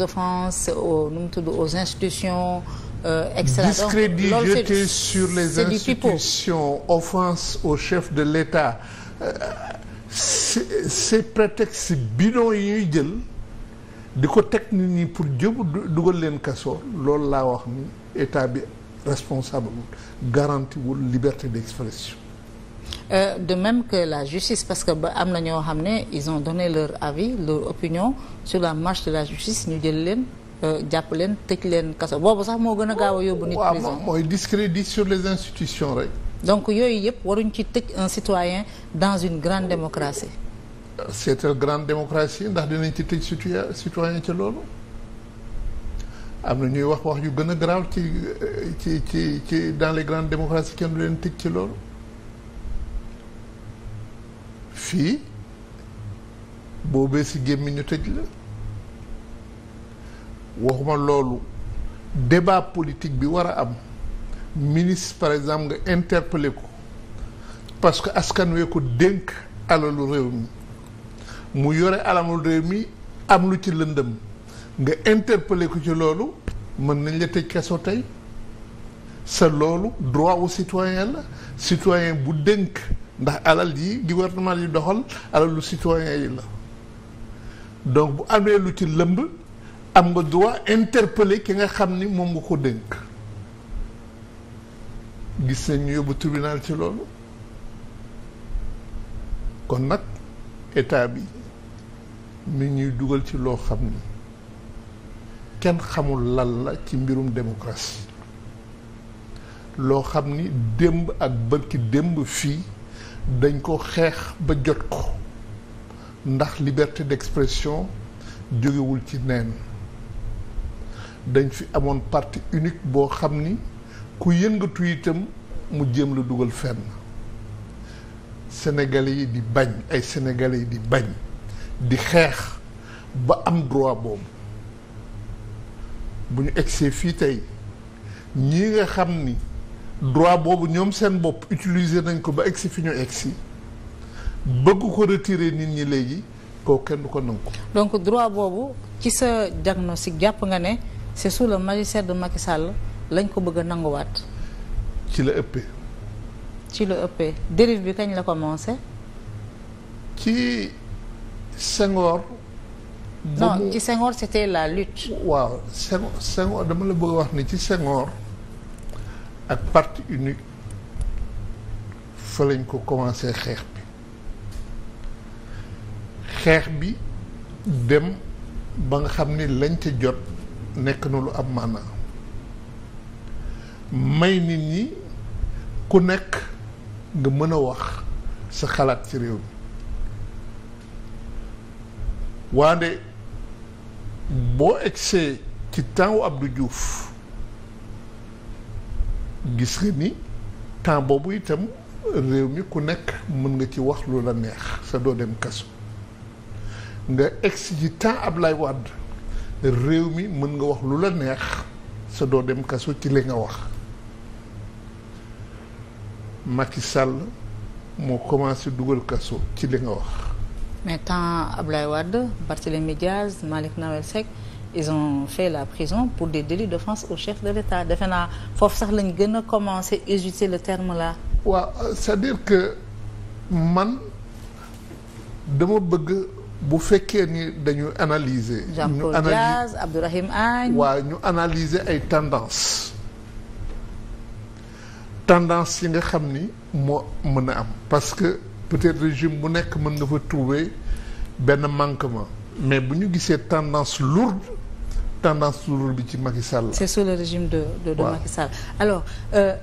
offenses au nu mu tudd aux institutions. Euh, etc. discrédit donc loolu sur les institutions offense au chef de l'État euh, ces prétextes bidons yi ñuy jël di ko teg nit ñi pour jëbu dugal leen kaso loolu laa wax ni état bi responsable garantiwul liberté d'expression Euh, de même que la justice parce que ba am na ñoo xam ne ils ont donné leur avis leur opinion sur la marche de la justice ñu jël leen euh, jàpp leen tëj leen kaso boobu sax moo gën a gaaw a yóbbu nit prison mooy discrédit sur les institutions rek donc yooyu yëpp waruñ ci tëj un citoyen dans une grande démocratie c'est une grande démocratie ndax dinañ ci tëj citoyen ci loolu am na ñuy wax wax yu gën a grave ci ci ci ci dans les grandes démocraties kenn du leen tëj ci loolu fii boobee si gémmi ñu tëj la waxuma loolu débat politique bi war a am ministre par exemple nga interpellé ko parce que askan wee ko dénk alalu réew mi mu yore alalu réew mi am lu ci lëndëm nga interpellé ko ci loolu mën nañ la tëj kaso tey sa loolu droit au citoyen la citoyen bu dénk ndax alal yi gouvernement yi doxal alal lu citoyen yi la donc bu amee lu ci lëmb am nga droit interpeller ki nga xam ni moom nga ko dénk gis nañu ñu yóbbu tribunal ci loolu kon nag état bi mi ñuy dugal ci loo xam ni kenn xamul lal la ci mbirum démocratie loo xam ni démb ak bërki démb fii dañ ko xeex ba jot ko ndax liberté d'expression jógewul ci neen dañ fi amoon parti unique boo xam ni ku yëngatu itam mu jéem la dugal fenn sénégalais yi di bañ ay sénégalais yi di bañ di xeex ba am droit boobu bu ñu egsee fii tey ñii nga xam ni droit boobu ñoom seen bopp utiliser nañ ko ba egsi fi ñu egsi bëgg ko retirer nit ñi léegi kooku kenn ko nangu ko. donc droit boobu ci sa diagnostic jàpp nga ne c'est sous le magistère de Macky Sall lañ ko bëgg a nanguwaat. ci la ëppee. ci la ëppee dérive bi kañ la commencé. ci Senghor. non ci Senghor c'était la lutte. waaw Senghor Senghor dama la bëgg wax ni ci Senghor. ak parti unique fa lañ ko commencé xeex bi xeex bi dem ba nga xam ni lañ ca jot nekk na lu am maanaa may nit ñi ku nekk nga mën a wax sa xalaat ci réew mi waande boo egsee ci temps ab Abdou juuf gis nga ni temps boobu itam réew mi ku nekk mën nga ci wax lu la neex sa doo dem kaso nga egsi ci temps Ablaye Wade réew mi mën nga wax lu la neex sa doo dem kaso ci li nga wax Macky Sall moo commencé dugal kaso ci li nga wax. mais temps Ablaye Wade Barthélémy Diaz Malick Nawel Seck. ils ont fait la prison pour des délits d'offense au chef de l'État defena foofu sax lañ gën a commencé utiliser le terme là. waaw ouais, cest dire que man dama bëgg bu fekkee ni dañu analyser. Jean-Paul Diaz Abdourahim Agne. waaw ñu analyser ay tendances tendance yi nga xam ni moo mën a am parce que peut-être régime bu nekk mën nga fa trouver benn manquement mais bu ñu gisee tendance lourde. tendance toujours bi ci Macky Sall. c'est sous le régime de de de Macky Sall alors. Euh,